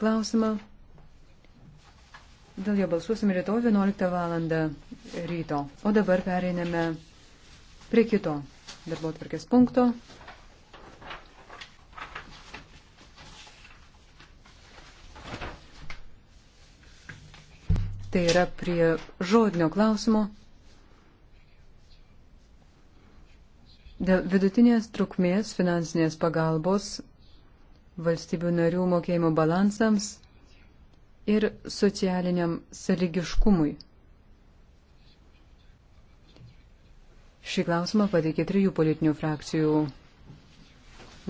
klausimą. Dėl jo balsuosim rytoj 11 val. ryto. O dabar pereiname prie kito darbo atvarkės punkto. Tai yra prie žodinio klausimo dėl vidutinės trukmės finansinės pagalbos valstybių narių mokėjimo balansams ir socialiniam saligiškumui. Šį klausimą pateikė trijų politinių frakcijų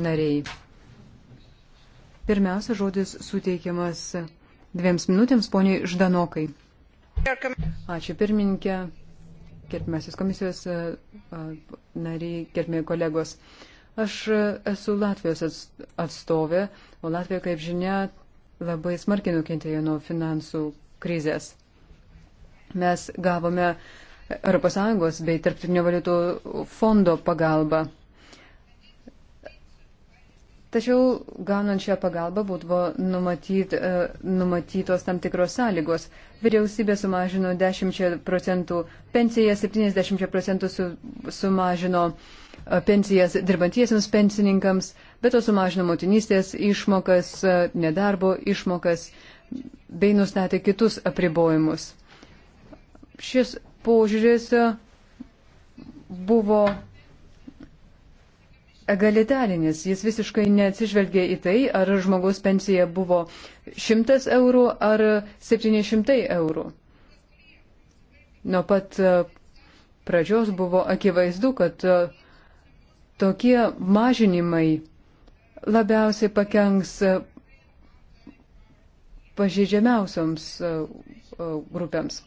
nariai. Pirmiausia, žodis suteikiamas dviems minutėms poniai Ždanokai. Ačiū pirmininkė, kirpimasis komisijos nariai, kirpimie kolegos. Uh, Aš esu Latvijos atstovė, o Latvija, kaip žinia, labai smarkiai nukentėjo nuo finansų krizės. Mes gavome ES bei Tarptautinio valiutų fondo pagalbą. Tačiau gaunant šią pagalbą buvo numatyt, e, numatytos tam tikros sąlygos. Vyriausybė sumažino 10 procentų pensiją, 70 procentų su, sumažino uh, pensijas dirbantiesiems pensininkams, bet to sumažino motinystės išmokas, e, nedarbo išmokas bei nustatė kitus apribojimus. Šis požiūris e, buvo egalitarinis, jis visiškai neatsižvelgė į tai, ar žmogaus pensija buvo 100 eurų ar 700 eurų. Nuo pat e, pradžios buvo akivaizdu, kad tokie mažinimai labiausiai pakenks e, pažeidžiamiausioms e, e, grupėms.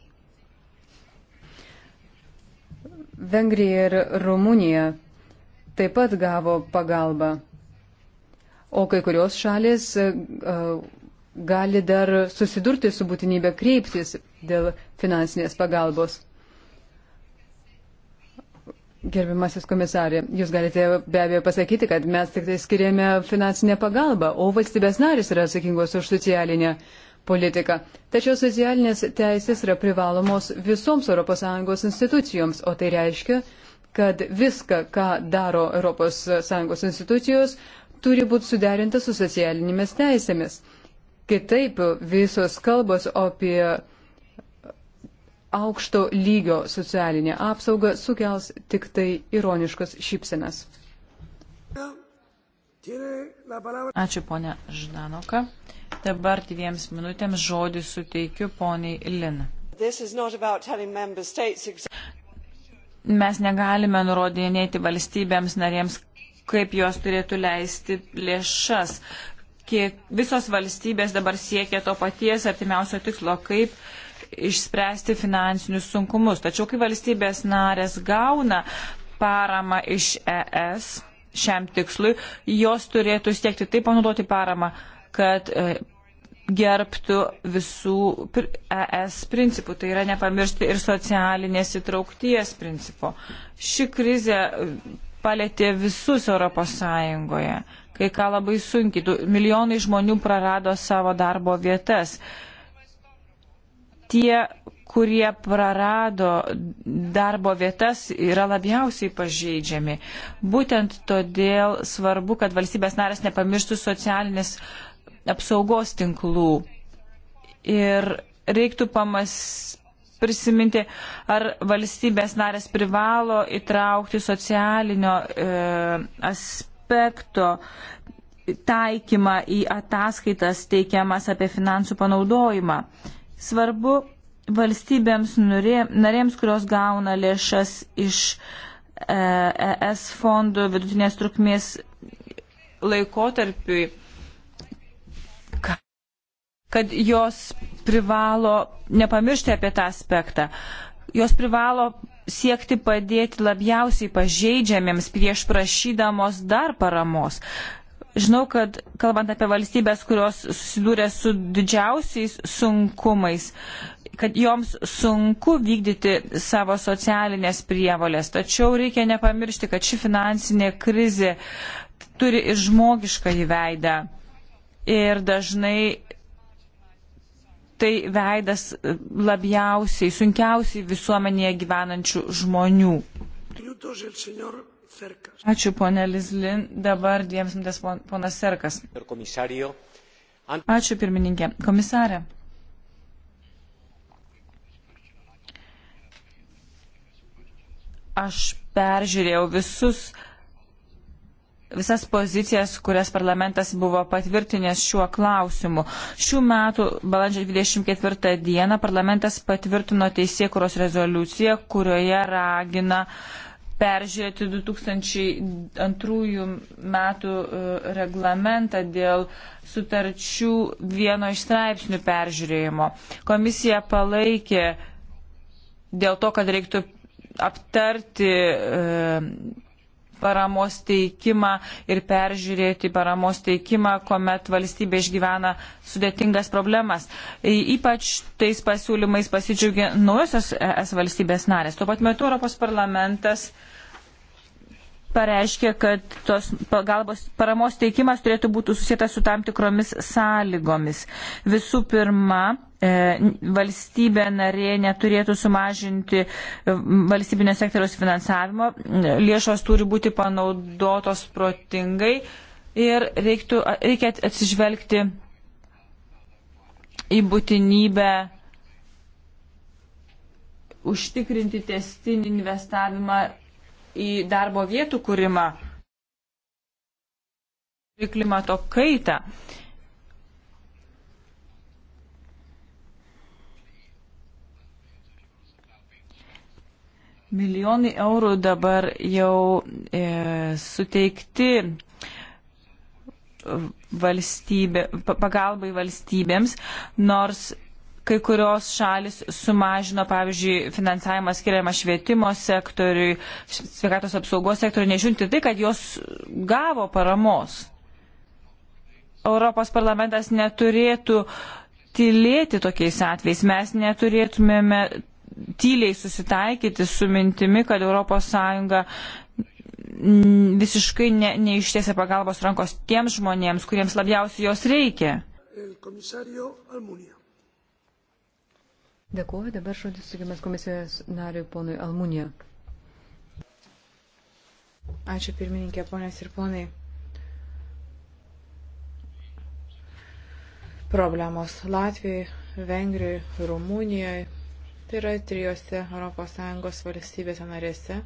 Vengrija ir Rumunija taip pat gavo pagalbą, o kai kurios šalis gali dar susidurti su būtinybė kreiptis dėl finansinės pagalbos. Gerbiamasis komisarė, jūs galite be abejo pasakyti, kad mes tik tai skiriame finansinę pagalbą, o valstybės narys yra atsakingos už socialinę politiką. Tačiau socialinės teisės yra privalomos visoms ES institucijoms, o tai reiškia, kad viską, ką daro ES institucijos, turi būti suderinta su socialinėmis teisėmis. Kitaip visos kalbos apie aukšto lygio socialinė apsauga sukels tik tai ironiškas šypsenas. Ačiū ponia Ždanoka. Dabar dviems minutėms žodį suteikiu poniai Lin. Mes negalime nurodinėti valstybėms narėms, kaip jos turėtų leisti lėšas. Kiek visos valstybės dabar siekia to paties artimiausio tikslo, kaip uh, išspręsti finansinius sunkumus. Tačiau kai valstybės narės gauna paramą iš ES šiam tikslui, jos turėtų siekti taip panaudoti paramą, kad e, gerbtų visų ES principų, tai yra nepamiršti ir socialinės įtraukties principo. Ši krizė e, palėtė visus ES, kai ką labai sunkiai, milijonai žmonių prarado savo darbo vietas. Uh, tie, kurie prarado darbo vietas, yra labiausiai pažeidžiami. Būtent todėl svarbu, kad valstybės narės nepamirštų socialinės apsaugos tinklų. Ir reiktų pamas prisiminti, ar valstybės narės privalo įtraukti socialinio e, aspekto taikymą į ataskaitas teikiamas apie finansų panaudojimą. Svarbu valstybėms narėms, kurios gauna lėšas iš ES e fondų vidutinės trukmės laikotarpiui, kad jos privalo nepamiršti apie tą aspektą. Jos privalo siekti padėti labiausiai pažeidžiamiems prieš prašydamos dar paramos. Žinau, kad kalbant apie valstybės, kurios susidūrė su didžiausiais sunkumais, kad joms sunku vykdyti savo socialinės prievolės. Tačiau reikia nepamiršti, kad ši finansinė krizė turi ir žmogišką įveidą. Ir dažnai tai veidas labiausiai, sunkiausiai visuomenėje gyvenančių žmonių. Ačiū, ponė Lizlin. Dabar dviems minutės ponas Serkas. Ačiū, pirmininkė. Komisarė. Aš peržiūrėjau visus, visas pozicijas, kurias parlamentas buvo patvirtinęs šiuo klausimu. Šių metų balandžio 24 dieną parlamentas patvirtino teisėkuros rezoliuciją, kurioje ragina peržiūrėti 2002 metų e, reglamentą dėl sutarčių vieno iš straipsnių peržiūrėjimo. Komisija palaikė dėl to, kad reiktų aptarti e, paramos teikimą ir peržiūrėti paramos teikimą, kuomet valstybė išgyvena sudėtingas problemas. E, ypač tais pasiūlymais pasidžiaugia naujosios es valstybės narės. Tuo pat metu Europos parlamentas uh, pareiškė, kad tos pagalbos paramos teikimas turėtų būti susijęs su tam tikromis sąlygomis. Visų pirma, e, valstybė narė neturėtų sumažinti e, valstybinio sektoriaus finansavimo, lėšos turi būti panaudotos protingai ir reiktų, reikia atsižvelgti į būtinybę užtikrinti testinį investavimą į darbo vietų kūrimą, į klimato kaitą. Milijonai eurų dabar jau e, suteikti valstybė, pagalbai valstybėms, nors Kai kurios šalis sumažino, pavyzdžiui, finansavimą skiriamą švietimo sektoriui, sveikatos apsaugos sektoriui, nežiūrinti tai, kad jos gavo paramos. Europos parlamentas neturėtų tylėti tokiais atvejais. Mes neturėtumėme tyliai susitaikyti su mintimi, kad ES visiškai ne, neištiesia pagalbos rankos tiems žmonėms, kuriems labiausiai jos reikia. Dėkuoju, dabar žodis sugimas komisijos nariui ponui Almunija. Ačiū pirmininkė, ponės ir ponai. Problemos Latvijai, Vengrijai, Rumunijai. Tai yra trijose ES valstybėse narėse,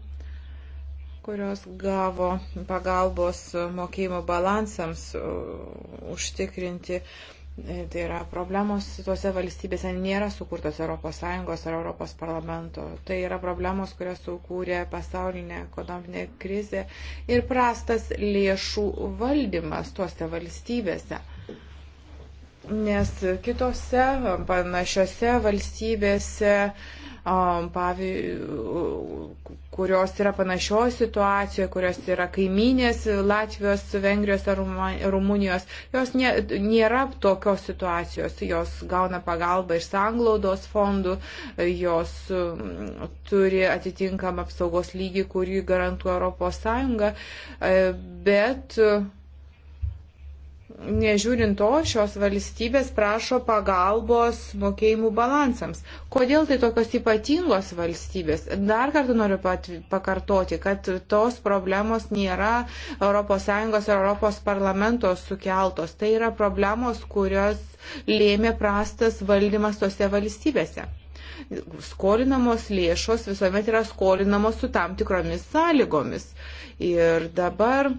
kurios gavo pagalbos mokėjimo balansams uh, užtikrinti uh, E, tai yra problemos tuose valstybėse nėra sukurtos ES ar ES parlamento. Tai yra problemos, kurias sukūrė pasaulinė ekonominė krizė ir prastas lėšų valdymas tuose valstybėse. Nes kitose panašiose valstybėse uh, kurios yra panašios situacijoje, kurios yra kaiminės Latvijos, Vengrijos ar Rumunijos, jos nė, nėra tokios situacijos, jos gauna pagalbą iš sanglaudos fondų, jos turi atitinkamą apsaugos lygį, kurį garantuoja Europos Sąjunga, e, bet nežiūrint to, šios valstybės prašo pagalbos mokėjimų balansams. Kodėl tai tokios ypatingos valstybės? Dar kartą noriu pat, pakartoti, kad tos problemos nėra ES ar ES parlamento sukeltos. Tai yra problemos, kurios lėmė prastas valdymas tose valstybėse. Skolinamos lėšos visuomet yra skolinamos su tam tikromis sąlygomis. Ir dabar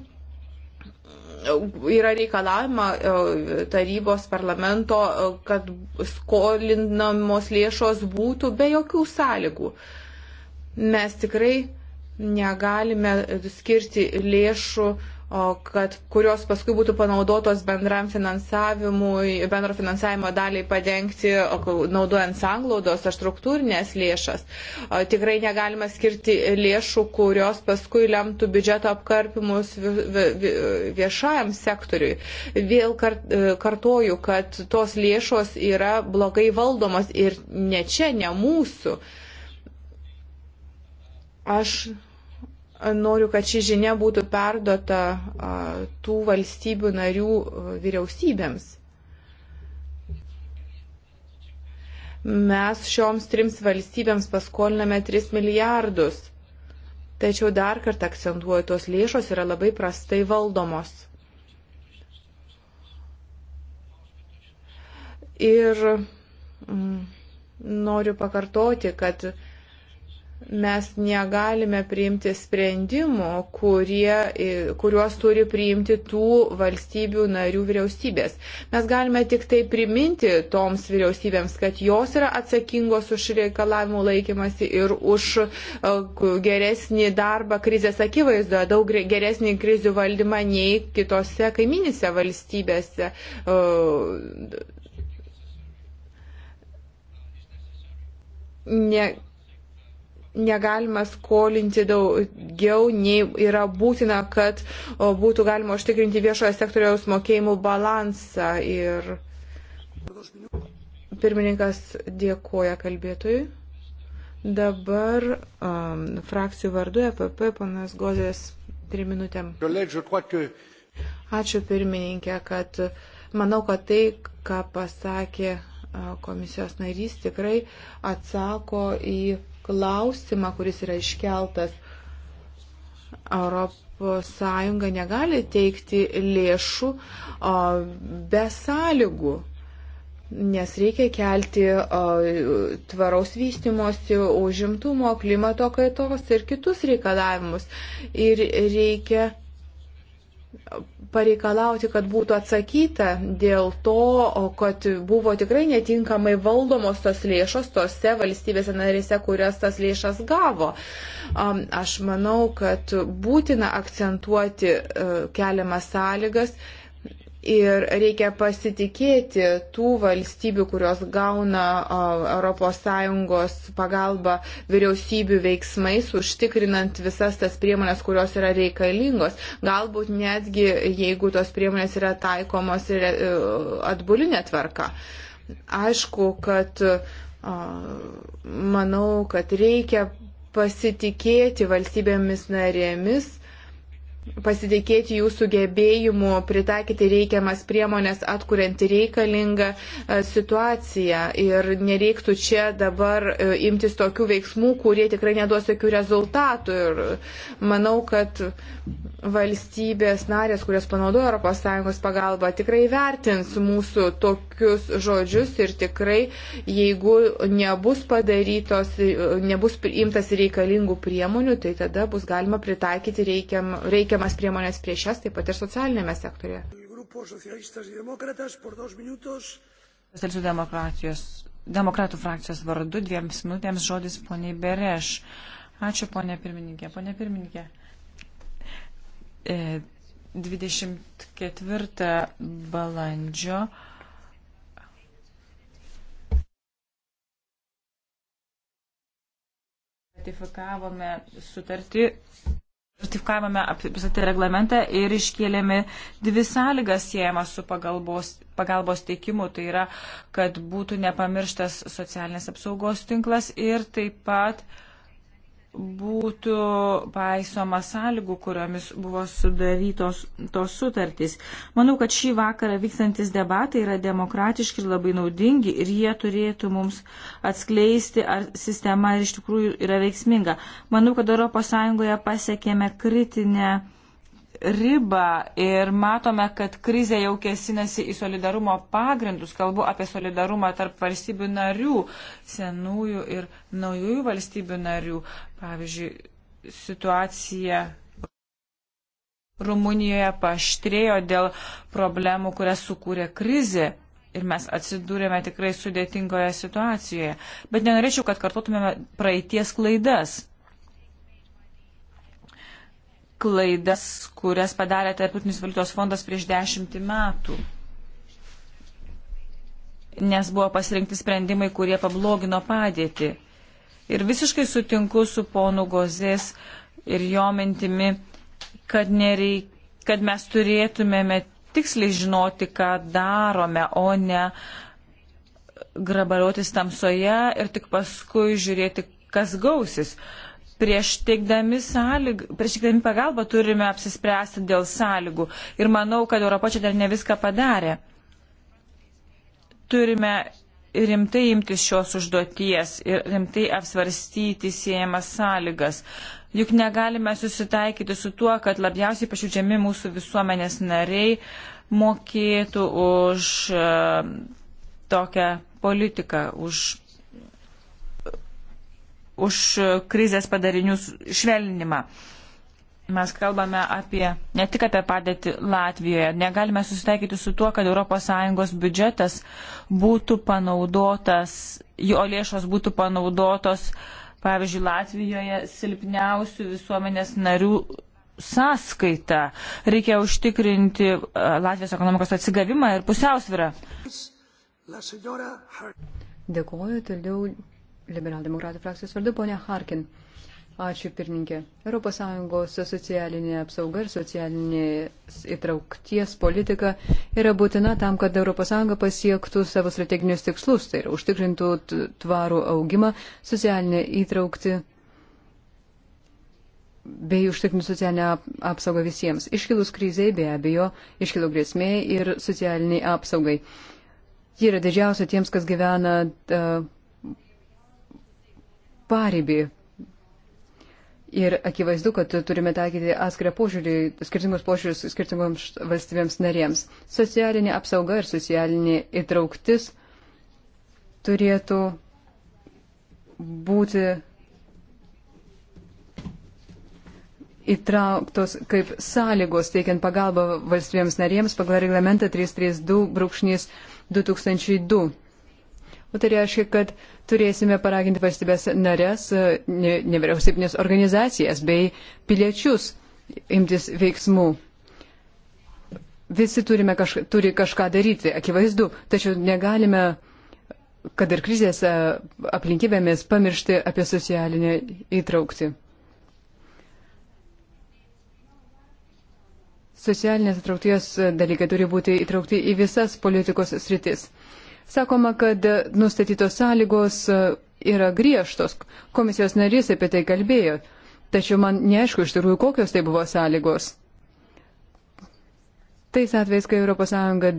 yra reikalavima e, tarybos parlamento, e, kad skolinamos lėšos būtų be jokių sąlygų. Mes tikrai negalime skirti lėšų uh, kad kurios paskui būtų panaudotos bendram finansavimui, bendro finansavimo daliai padengti, naudojant sanglaudos ar struktūrinės lėšas. Tikrai negalima skirti lėšų, kurios paskui lemtų biudžeto apkarpimus viešajam sektoriui. Vėl e, kartoju, kad tos lėšos yra blogai valdomos ir ne čia, ne mūsų. Aš Noriu, kad ši žinia būtų perdota tų valstybių narių vyriausybėms. Mes šioms trims valstybėms paskoliname 3 milijardus. Tačiau dar kartą akcentuoju, tos lėšos yra labai prastai valdomos. Ir mm, noriu pakartoti, kad mes negalime priimti sprendimų, kurie, kuriuos turi priimti tų valstybių narių vyriausybės. Mes galime tik tai priminti toms vyriausybėms, kad jos yra atsakingos už reikalavimų laikymasi ir už e, geresnį darbą krizės akivaizdoje, daug geresnį krizių valdymą nei kitose kaiminėse valstybėse. E, ne, negalima skolinti daugiau, nei yra būtina, kad būtų galima užtikrinti viešojo sektoriaus mokėjimų balansą. Ir pirmininkas dėkoja kalbėtojui. Dabar um, frakcijų vardu EPP panas Gozės trim minutėm. Ačiū pirmininkė, kad manau, kad tai, ką pasakė komisijos narys, tikrai atsako į klausimą, kuris yra iškeltas. Europos Sąjunga negali teikti lėšų o, be sąlygų, nes reikia kelti o, tvaraus vystimosi, užimtumo, klimato kaitos ir kitus reikalavimus. Ir reikia pareikalauti, kad būtų atsakyta dėl to, kad buvo tikrai netinkamai valdomos tos lėšos tose valstybėse narėse, kurias tas lėšas gavo. Aš manau, kad būtina akcentuoti e, keliamas sąlygas Ir reikia pasitikėti tų valstybių, kurios gauna ES pagalbą vyriausybių veiksmais, užtikrinant visas tas priemonės, kurios yra reikalingos. Galbūt netgi, jeigu tos priemonės yra taikomos ir e, atbulinė tvarka. Aišku, kad manau, kad reikia pasitikėti valstybėmis narėmis pasitikėti jų sugebėjimu pritaikyti reikiamas priemonės, atkuriant reikalingą e, situaciją. Ir nereiktų čia dabar e, imtis tokių veiksmų, kurie tikrai neduos jokių rezultatų. Ir manau, kad valstybės narės, kurios panaudoja ES pagalbą, tikrai vertins mūsų tokius žodžius ir tikrai, jeigu nebus padarytos, nebus imtas reikalingų priemonių, tai tada bus galima pritaikyti reikiam, reikiamą teikiamas priemonės prieš jas, taip pat ir socialinėme sektorėje. Socialistų demokratijos, demokratų frakcijos vardu dviems minutėms žodis poniai Bereš. Ačiū ponė pirmininkė. Ponė pirmininkė, 24 e, balandžio ratifikavome sutartį Ratifikavome apsatį tai reglamentą ir iškėlėme dvi sąlygas siejamas su pagalbos, pagalbos teikimu. Tai yra, kad būtų nepamirštas socialinės apsaugos tinklas ir taip pat uh, būtų paisoma sąlygų, kuriomis buvo sudarytos tos sutartys. Manau, kad šį vakarą vykstantis debatai yra demokratiški ir labai naudingi ir jie turėtų mums atskleisti, ar sistema iš tikrųjų yra veiksminga. Manau, kad ES pasiekėme kritinę ribą ir matome, kad krizė jau kesinasi į solidarumo pagrindus. Kalbu apie solidarumą tarp valstybių narių, senųjų ir naujųjų valstybių narių. Pavyzdžiui, situacija Rumunijoje paštrėjo dėl problemų, kurias sukūrė krizė. Ir mes atsidūrėme tikrai sudėtingoje situacijoje. Bet nenorėčiau, kad kartotumėme praeities klaidas klaidas, kurias padarė Tarptautinis valiutos fondas prieš dešimtį metų. Nes buvo pasirinkti sprendimai, kurie pablogino padėtį. Ir visiškai sutinku su ponu Gozės ir jo mintimi, kad, nereik, kad mes turėtumėme tiksliai žinoti, ką darome, o ne grabaliotis tamsoje ir tik paskui žiūrėti, kas gausis. Uh, prieš teikdami, sąlyg, prieš teikdami pagalbą turime apsispręsti dėl sąlygų. Ir manau, kad Europa čia dar ne viską padarė. Turime rimtai imtis šios užduoties ir rimtai apsvarstyti siejamas sąlygas. Juk negalime susitaikyti su tuo, kad labiausiai pašiūdžiami mūsų visuomenės nariai mokėtų už e, tokią politiką, už už krizės padarinius švelninimą. Mes kalbame apie, ne tik apie padėtį Latvijoje, negalime susitaikyti su tuo, kad ES biudžetas būtų panaudotas, jo lėšos būtų panaudotos, pavyzdžiui, Latvijoje silpniausių visuomenės narių sąskaita. Reikia užtikrinti e, Latvijos ekonomikos atsigavimą ir pusiausvyrą. Dėkuoju toliau liberaldemokratų frakcijos vardu, ponia Harkin. Ačiū pirmininkė. ES socialinė apsauga ir socialinės įtraukties politika yra būtina tam, kad ES pasiektų savo strateginius tikslus, tai yra užtikrintų tvarų augimą, socialinę įtraukti bei užtikrintų socialinę apsaugą visiems. Iškilus kriziai be abejo, iškilo grėsmė ir socialiniai apsaugai. Ji yra didžiausia tiems, kas gyvena. Uh, paribį. Ir akivaizdu, kad turime taikyti atskirą požiūrį, skirtingus požiūrius skirtingoms valstybėms narėms. Socialinė apsauga ir socialinė įtrauktis turėtų būti įtrauktos kaip sąlygos teikiant pagalbą valstybėms narėms pagal reglamentą 332 brūkšnys 2002. O tai reiškia, kad turėsime paraginti valstybės narės, e, nevyriausybinės organizacijas bei piliečius imtis veiksmų. Visi turime kaž, turi kažką daryti, akivaizdu, tačiau negalime, kad ir krizės e, aplinkybėmis, pamiršti apie socialinę įtraukti. Socialinės įtraukties dalykai turi būti įtraukti į visas politikos sritis. Sakoma, kad nustatytos sąlygos e, yra griežtos. Komisijos narys apie tai kalbėjo. Tačiau man neaišku iš tikrųjų, kokios tai buvo sąlygos. Tais atvejais, kai ES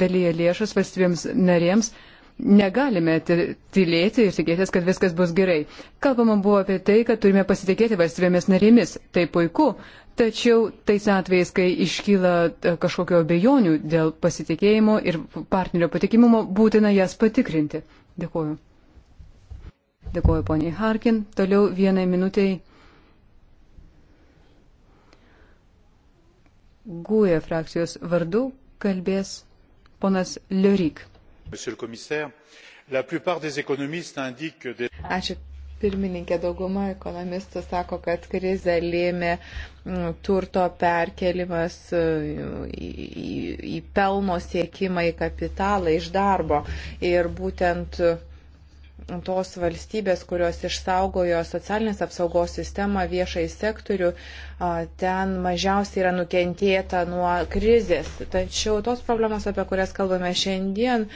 dalyja lėšas valstybėms narėms, Negalime tylėti ir tikėtis, kad viskas bus gerai. Kalbama buvo apie tai, kad turime pasitikėti valstybėmis narėmis. Tai puiku. Tačiau tais atvejais, kai iškyla e, kažkokio abejonių dėl pasitikėjimo ir partnerio patikimumo, būtina jas patikrinti. Dėkuoju. Dėkuoju poniai Harkin. Toliau vienai minutiai. Gūja frakcijos vardu kalbės ponas Liurik. Ačiū pirmininkė, dauguma ekonomistų sako, kad krizę lėmė mm, turto perkelimas mm, į, į, į pelno siekimą, į kapitalą, iš darbo. Ir būtent tos valstybės, kurios išsaugojo socialinės apsaugos sistemą, viešai sektorių, ten mažiausiai yra nukentėta nuo krizės. Tačiau tos problemos, apie kurias kalbame šiandien,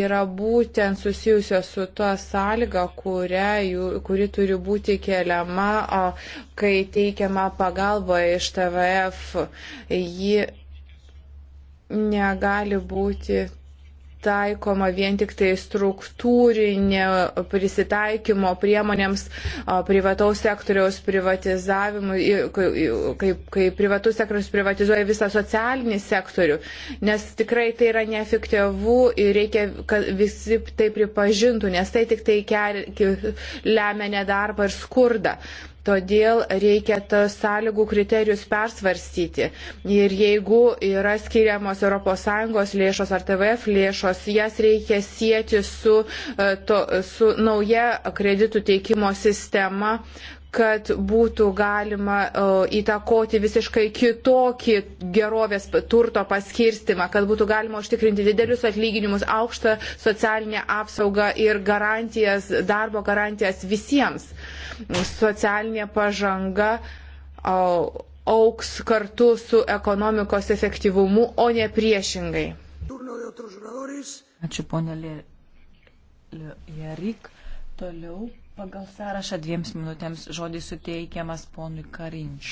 yra būtent susijusios su to sąlyga, kuria, kuri turi būti keliama, kai teikiama pagalba iš TVF. Ji negali būti taikoma vien tik tai struktūrinė prisitaikymo priemonėms privataus sektoriaus privatizavimui, kai, kai privatus sektorius privatizuoja visą socialinį sektorių, nes tikrai tai yra neefektyvu ir reikia, kad visi tai pripažintų, nes tai tik tai kel, lemia nedarbą ir skurdą. Todėl reikia tas sąlygų kriterijus persvarstyti. Ir jeigu yra skiriamos ES lėšos ar TVF lėšos, jas reikia sieti su, e, to, su nauja kreditų teikimo sistema, kad būtų galima e, įtakoti visiškai kitokį gerovės turto paskirstimą, kad būtų galima užtikrinti didelius atlyginimus, aukštą socialinę apsaugą ir garantijas, darbo garantijas visiems socialinė pažanga auks kartu su ekonomikos efektyvumu, o ne priešingai. Ačiū, ponė Jarik. Toliau pagal sąrašą dviems minutėms žodis suteikiamas ponui Karinč.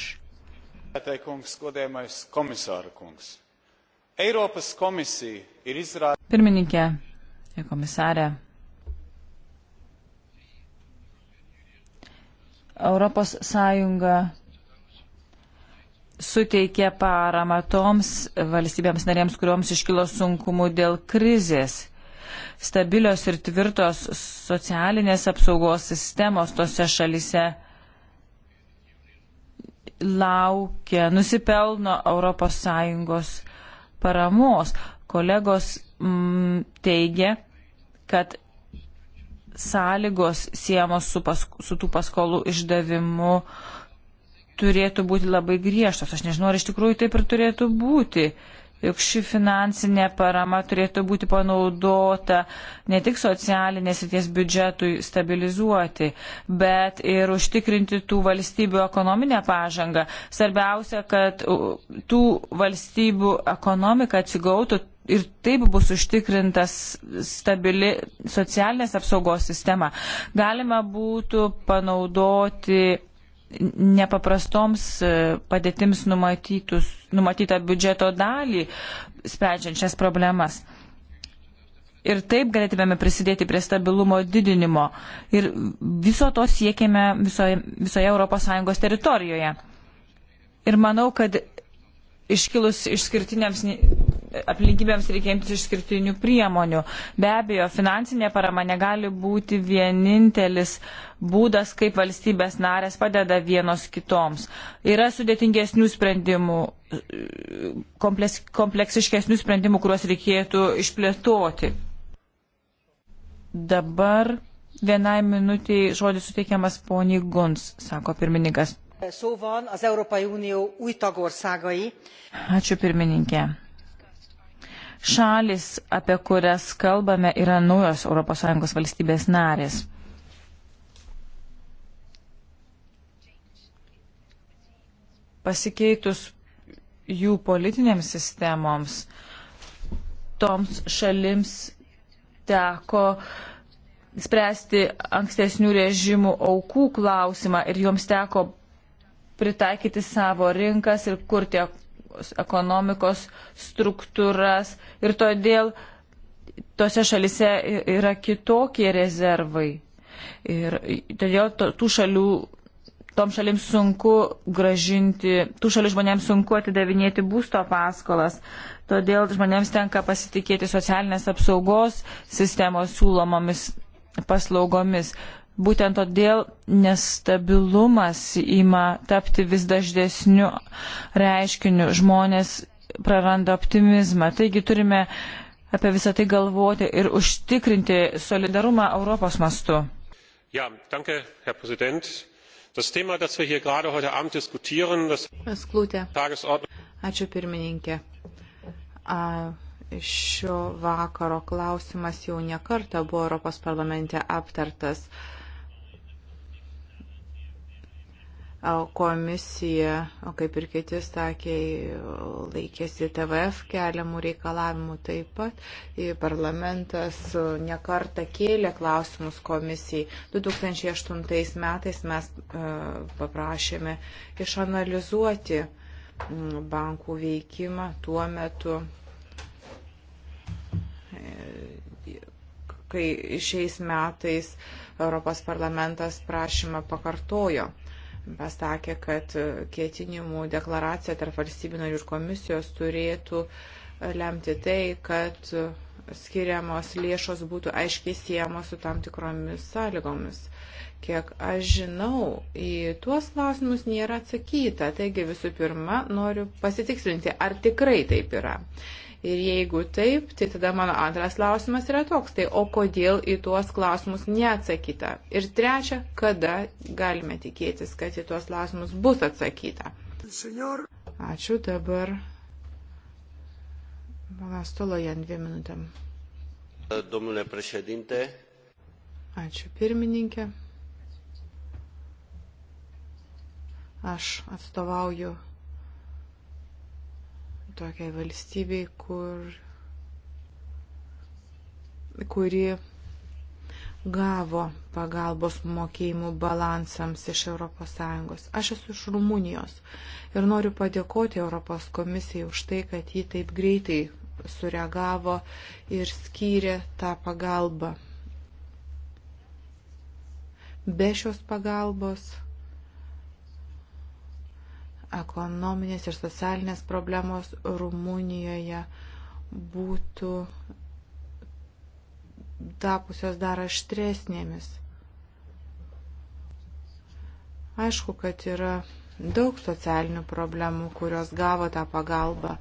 Pirmininkė, komisarė, Europos Sąjunga suteikė paramą toms valstybėms narėms, kuriuoms iškilo sunkumų dėl krizės. Stabilios ir tvirtos socialinės apsaugos sistemos tose šalise laukia, nusipelno ES paramos. Kolegos m, mm, teigia, kad sąlygos siemos su, pas, su tų paskolų išdavimu turėtų būti labai griežtos. Aš nežinau, ar iš tikrųjų taip ir turėtų būti. Juk ši finansinė parama turėtų būti panaudota ne tik socialinės įties biudžetui stabilizuoti, bet ir užtikrinti tų valstybių ekonominę pažangą. Svarbiausia, kad tų valstybių ekonomika atsigautų ir taip bus užtikrintas stabili socialinės apsaugos sistema. Galima būtų panaudoti nepaprastoms e, padėtims numatytą biudžeto dalį, sprendžiant šias problemas. Ir taip galėtumėme prisidėti prie stabilumo didinimo. Ir viso to siekėme visoje, visoje ES teritorijoje. Ir manau, kad iškilus išskirtiniams aplinkybėms reikia imtis išskirtinių priemonių. Be abejo, finansinė parama negali būti vienintelis būdas, kaip valstybės narės padeda vienos kitoms. Yra sudėtingesnių sprendimų, kompleks, kompleksiškesnių sprendimų, kuriuos reikėtų išplėtoti. Dabar vienai minutiai žodis suteikiamas poniai Guns, sako pirmininkas. Ačiū pirmininkė. Šalis, apie kurias kalbame, yra naujos ES valstybės narės. Pasikeitus jų politinėms sistemoms, toms šalims teko spręsti ankstesnių režimų aukų klausimą ir joms teko pritaikyti savo rinkas ir kurti ekonomikos struktūras ir todėl tose šalise yra kitokie rezervai. Ir todėl to, tų šalių, tom šalims sunku gražinti, tų šalių žmonėms sunku atidavinėti būsto paskolas. Todėl žmonėms tenka pasitikėti socialinės apsaugos sistemos siūlomomis paslaugomis. Būtent todėl nestabilumas ima tapti vis dažnesniu reiškiniu, žmonės praranda optimizmą. Taigi turime apie visą tai galvoti ir užtikrinti solidarumą Europos mastu. Ja, danke, Herr Präsident. Das Thema, das wir hier gerade heute Abend diskutieren, das Tagesordnung. Ačiū pirmininkė. A, šio vakaro klausimas jau nekarta buvo Europos parlamente aptartas. A, Komisija, kaip ir kiti sakė, laikėsi TVF keliamų reikalavimų taip pat. Parlamentas nekarta kėlė klausimus komisijai. 2008 metais mes e, paprašėme išanalizuoti bankų veikimą tuo metu e, kai šiais metais Europos parlamentas prašymą pakartojo pasakė, kad e, ketinimų deklaracija tarp valstybinio ir komisijos turėtų e, lemti tai, kad e, skiriamos lėšos būtų aiškiai siejamos su tam tikromis sąlygomis. Kiek aš žinau, į tuos klausimus nėra atsakyta, taigi visų pirma noriu pasitikslinti, ar tikrai taip yra. Ir jeigu taip, tai tada mano antras klausimas yra toks, tai o kodėl į tuos klausimus neatsakyta? Ir trečia, kada galime tikėtis, kad į tuos klausimus bus atsakyta? Senor. Ačiū dabar Pana Stolojan, dviem minutėm. Domnule președinte. Ačiū pirmininkė. Aš atstovauju tokiai valstybei, kur, kuri gavo pagalbos mokėjimų balansams iš ES. Aš esu iš Rumunijos ir noriu padėkoti Europos komisijai už tai, kad jį taip greitai sureagavo ir skyrė tą pagalbą. Be šios pagalbos ekonominės ir socialinės problemos Rumunijoje būtų tapusios dar aštresnėmis. Aišku, kad yra daug socialinių problemų, kurios gavo tą pagalbą.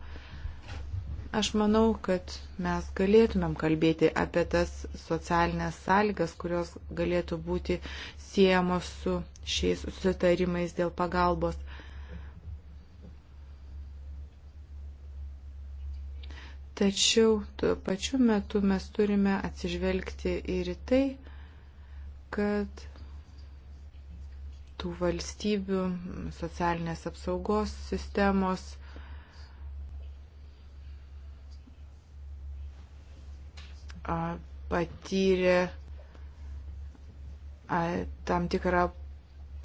Aš manau, kad mes galėtumėm kalbėti apie tas socialinės sąlygas, kurios galėtų būti siejamos su šiais susitarimais dėl pagalbos. Tačiau tuo pačiu metu mes turime atsižvelgti ir į tai, kad tų valstybių socialinės apsaugos sistemos patyrė tam tikrą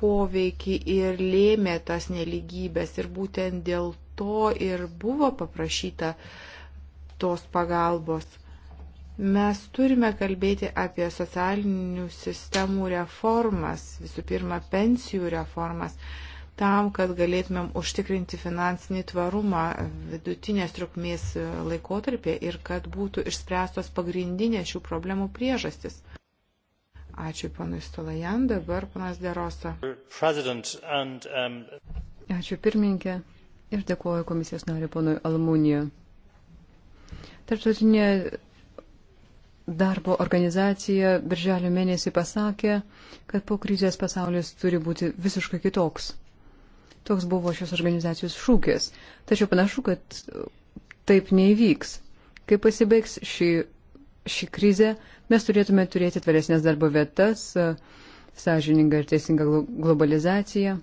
poveikį ir lėmė tas neligybės. Ir būtent dėl to ir buvo paprašyta tos pagalbos. Mes turime kalbėti apie socialinių sistemų reformas, visų pirma, pensijų reformas. Uh, tam, kad galėtumėm užtikrinti finansinį tvarumą vidutinės trukmės laikotarpė ir kad būtų išspręstos pagrindinės šių problemų priežastis. Ačiū panui Stolajan, dabar panas Derosa. Um, Ačiū pirmininkė ir dėkuoju komisijos nariu panui Almunijo. Tarptautinė darbo organizacija birželio mėnesį pasakė, kad po krizės pasaulis turi būti visiškai kitoks. Toks buvo šios organizacijos šūkis. Tačiau panašu, kad taip neįvyks. Kai pasibaigs šį, šį krizę, mes turėtume turėti tvaresnės darbo vietas, sąžiningą ir teisingą globalizaciją,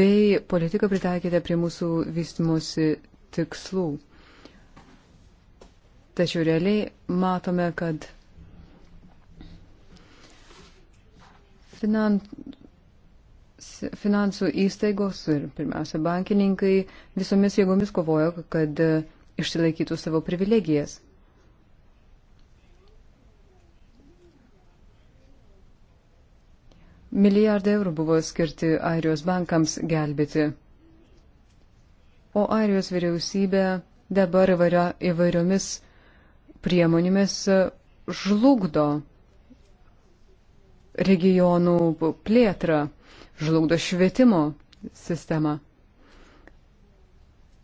bei politiką pritaikytą prie mūsų vystimosi tikslų. Tačiau realiai matome, kad finan, finansų įstaigos ir pirmiausia bankininkai visomis jėgomis kovojo, kad išsilaikytų savo privilegijas. Milijardai eurų buvo skirti Airijos bankams gelbėti. O Airijos vyriausybė dabar įvairio, įvairiomis priemonėmis žlugdo regionų plėtrą žlugdo švietimo sistemą.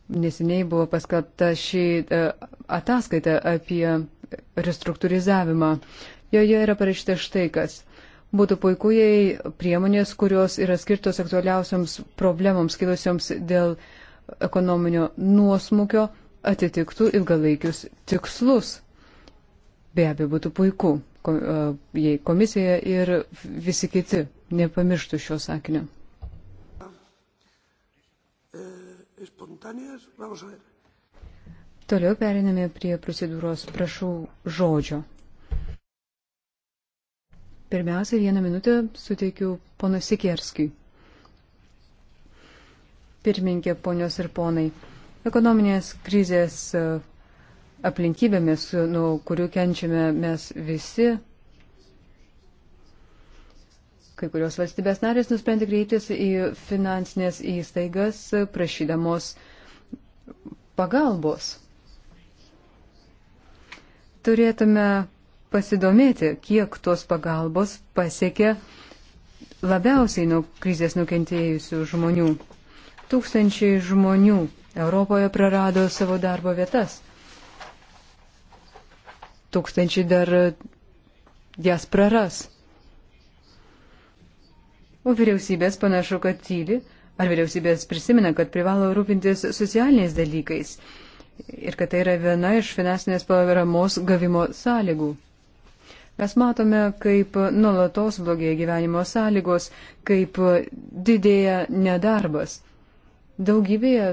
Nesiniai buvo paskelbta šį e, ataskaitą apie restruktūrizavimą. Joje yra parašyta štai kas. Būtų puiku, jei priemonės, kurios yra skirtos aktualiausiams problemams kilusiams dėl ekonominio nuosmukio, atitiktų ilgalaikius tikslus. Be abejo, būtų puiku, e, jei komisija ir visi kiti nepamirštų šio sakinio. Toliau periname prie procedūros. Prašau žodžio. Pirmiausia, vieną minutę suteikiu pono Sikerskijui. Pirminkė, ponios ir ponai, ekonominės krizės aplinkybėmis, nuo kurių kenčiame mes visi, Kai kurios valstybės narės nusprendė kreiptis į finansinės įstaigas prašydamos pagalbos. Turėtume pasidomėti, kiek tos pagalbos pasiekė labiausiai nuo krizės nukentėjusių žmonių. Tūkstančiai žmonių Europoje prarado savo darbo vietas. Tūkstančiai dar jas praras. O vyriausybės panašu, kad tyli. Ar vyriausybės prisimena, kad privalo rūpintis socialiniais dalykais ir kad tai yra viena iš finansinės paramos gavimo sąlygų. Mes matome, kaip nuolatos blogėja gyvenimo sąlygos, kaip didėja nedarbas daugybėje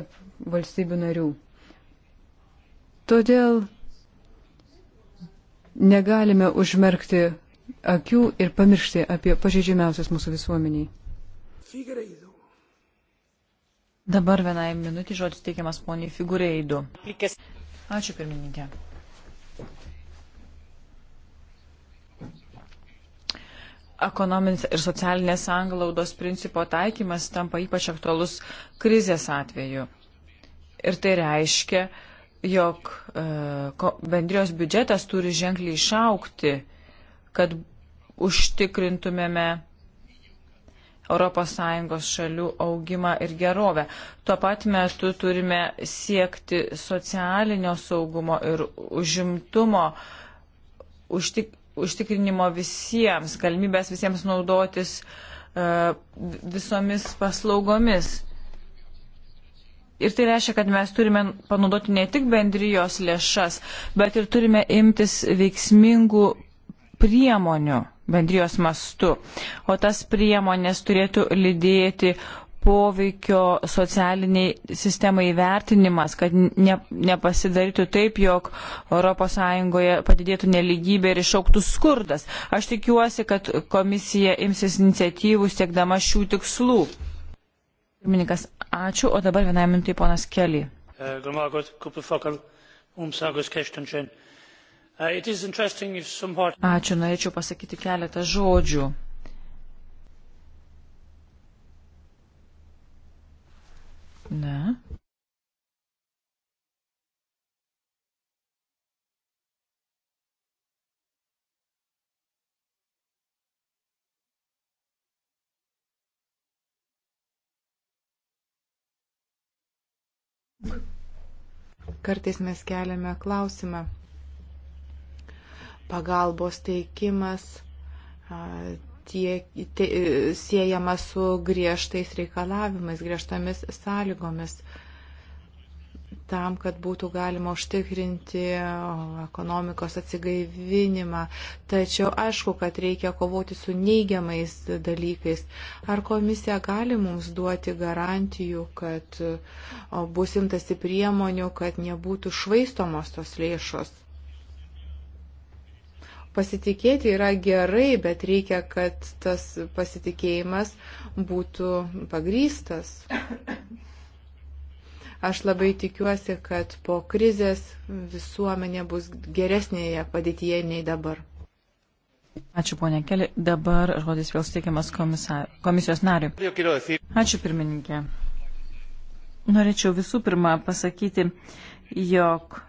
valstybių narių. Todėl negalime užmerkti akių ir pamiršti apie pažeidžiamiausias mūsų visuomeniai. Dabar vienai minutį žodis teikiamas poniai figūreidu. Ačiū pirmininkė. ekonominis ir socialinės anglaudos principo taikymas tampa ypač aktualus krizės atveju. Ir tai reiškia, jog e, bendrijos biudžetas turi ženkliai išaukti, kad užtikrintumėme ES šalių augimą ir gerovę. Tuo pat metu turime siekti socialinio saugumo ir užimtumo, užtik, užtikrinimo visiems, galimybės visiems naudotis uh, visomis paslaugomis. Ir tai reiškia, kad mes turime panaudoti ne tik bendrijos lėšas, bet ir turime imtis veiksmingų priemonių bendrijos mastu. O tas priemonės turėtų lydėti poveikio socialiniai sistemai vertinimas, kad ne, nepasidarytų taip, jog ES padidėtų neligybė ir išauktų skurdas. Aš tikiuosi, kad komisija imsis iniciatyvų siekdama šių tikslų. Pirmininkas, ačiū, o dabar vienai minutį ponas Kelly. Uh, Uh, somewhat... Ačiū, norėčiau pasakyti keletą žodžių. Ne. Kartais mes keliame klausimą, pagalbos teikimas tiek te, siejama su griežtais reikalavimais, griežtomis sąlygomis tam, kad būtų galima užtikrinti ekonomikos atsigaivinimą. Tačiau aišku, kad reikia kovoti su neigiamais dalykais. Ar komisija gali mums duoti garantijų, kad bus imtasi priemonių, kad nebūtų švaistomos tos lėšos? Pasitikėti yra gerai, bet reikia, kad tas pasitikėjimas būtų pagrystas. Aš labai tikiuosi, kad po krizės visuomenė bus geresnėje padėtyje nei dabar. Ačiū, ponė Keli. Dabar žodis vėl suteikiamas komisijos nariui. Ačiū, pirmininkė. Norėčiau visų pirma pasakyti, jog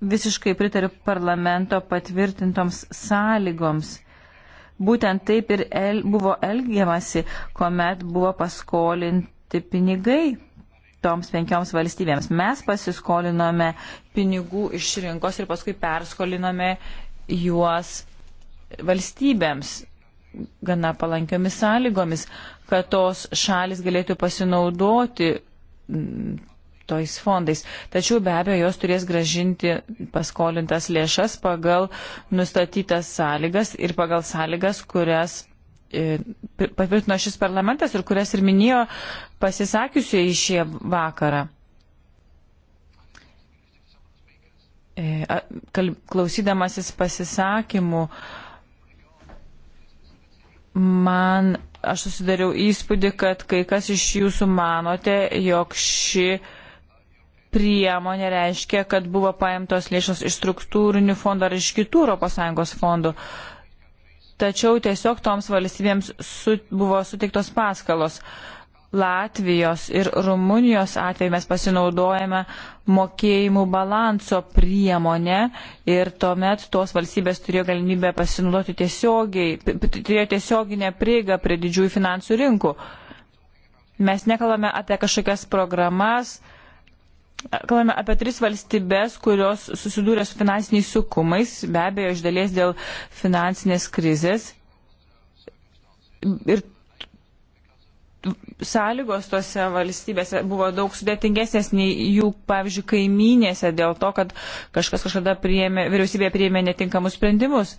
visiškai pritariu parlamento patvirtintoms sąlygoms. Būtent taip ir el, buvo elgiamasi, kuomet buvo paskolinti pinigai toms penkioms valstybėms. Mes pasiskolinome pinigų iš rinkos ir paskui perskolinome juos valstybėms gana palankiomis sąlygomis, kad tos šalis galėtų pasinaudoti tais fondais. Tačiau be abejo, jos turės gražinti paskolintas lėšas pagal nustatytas sąlygas ir pagal sąlygas, kurias e, patvirtino šis parlamentas ir kurias ir minėjo pasisakiusiai šį vakarą. E, klausydamasis pasisakymų, man aš susidariau įspūdį, kad kai kas iš jūsų manote, jog ši priemonė reiškia, kad buvo paimtos lėšos iš struktūrinių fondų ar iš kitų ES fondų. Tačiau tiesiog toms valstybėms su, buvo suteiktos paskalos. Latvijos ir Rumunijos atveju mes pasinaudojame mokėjimų balanso priemonę ir tuomet tos valstybės turėjo galimybę pasinaudoti tiesiogiai, turėjo tiesioginę prieigą prie didžiųjų finansų rinkų. Mes nekalbame apie kažkokias programas, Kalbame apie tris valstybės, kurios susidūrė su finansiniais sukumais, be abejo, iš dalies dėl finansinės krizės. Ir sąlygos tose valstybėse buvo daug sudėtingesnės nei jų, pavyzdžiui, kaiminėse dėl to, kad kažkas kažkada priėmė, vyriausybė priėmė netinkamus sprendimus.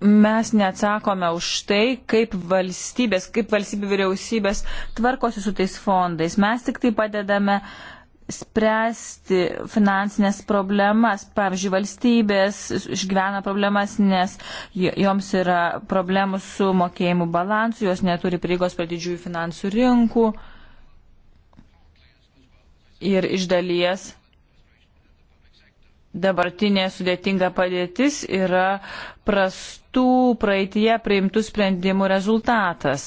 mes neatsakome už tai, kaip valstybės, kaip valstybių vyriausybės tvarkosi su tais fondais. Mes tik tai padedame spręsti finansinės problemas. Pavyzdžiui, valstybės išgyvena problemas, nes joms yra problemų su mokėjimų balansu, jos neturi prieigos prie didžiųjų finansų rinkų. Ir iš dalies dabartinė sudėtinga padėtis yra prastų praeitie priimtų sprendimų rezultatas.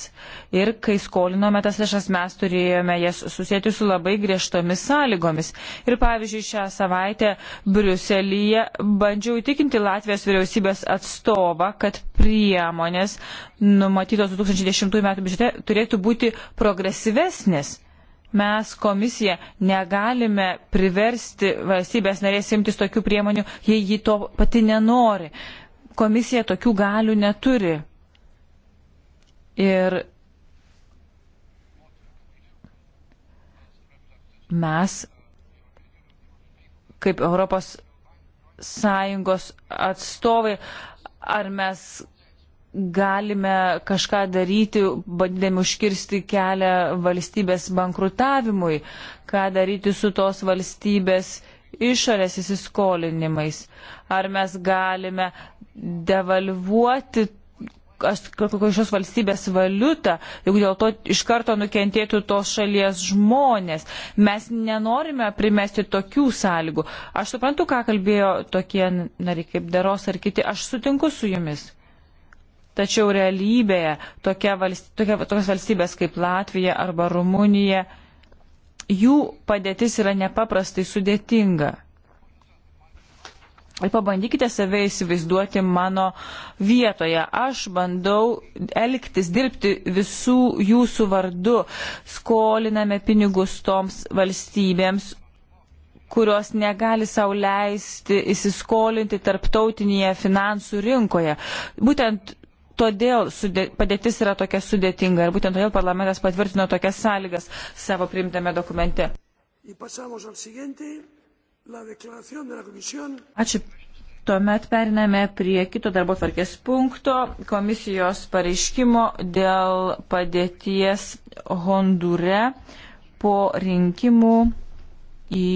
Ir kai skolinome tas lėšas, mes turėjome jas susėti su labai griežtomis sąlygomis. Ir pavyzdžiui, šią savaitę Briuselyje bandžiau įtikinti Latvijos vyriausybės atstovą, kad priemonės numatytos 2010 m. biudžete turėtų būti progresyvesnės mes komisija negalime priversti valstybės narės imtis tokių priemonių, jei ji to pati nenori. Komisija tokių galių neturi. Ir mes, kaip Europos Sąjungos atstovai, ar mes galime kažką daryti, bandėme užkirsti kelią valstybės bankrutavimui, ką daryti su tos valstybės išorės įsiskolinimais. Ar mes galime devalvuoti kokios valstybės valiutą, juk dėl to iš karto nukentėtų tos šalies žmonės. Mes nenorime primesti tokių sąlygų. Aš suprantu, ką kalbėjo tokie nariai kaip Deros ar kiti. Aš sutinku su jumis. Tačiau realybėje tokia valstybė, tokia, tokios valstybės kaip Latvija arba Rumunija, jų padėtis yra nepaprastai sudėtinga. Ir pabandykite save įsivaizduoti mano vietoje. Aš bandau elgtis, dirbti visų jūsų vardu. Skoliname pinigus toms valstybėms, kurios negali sau leisti įsiskolinti tarptautinėje finansų rinkoje. Būtent todėl sudė, padėtis yra tokia sudėtinga ir būtent todėl parlamentas patvirtino tokias sąlygas savo priimtame dokumente. Ačiū. Tuomet periname prie kito darbo tvarkės punkto komisijos pareiškimo dėl padėties Hondure po rinkimų į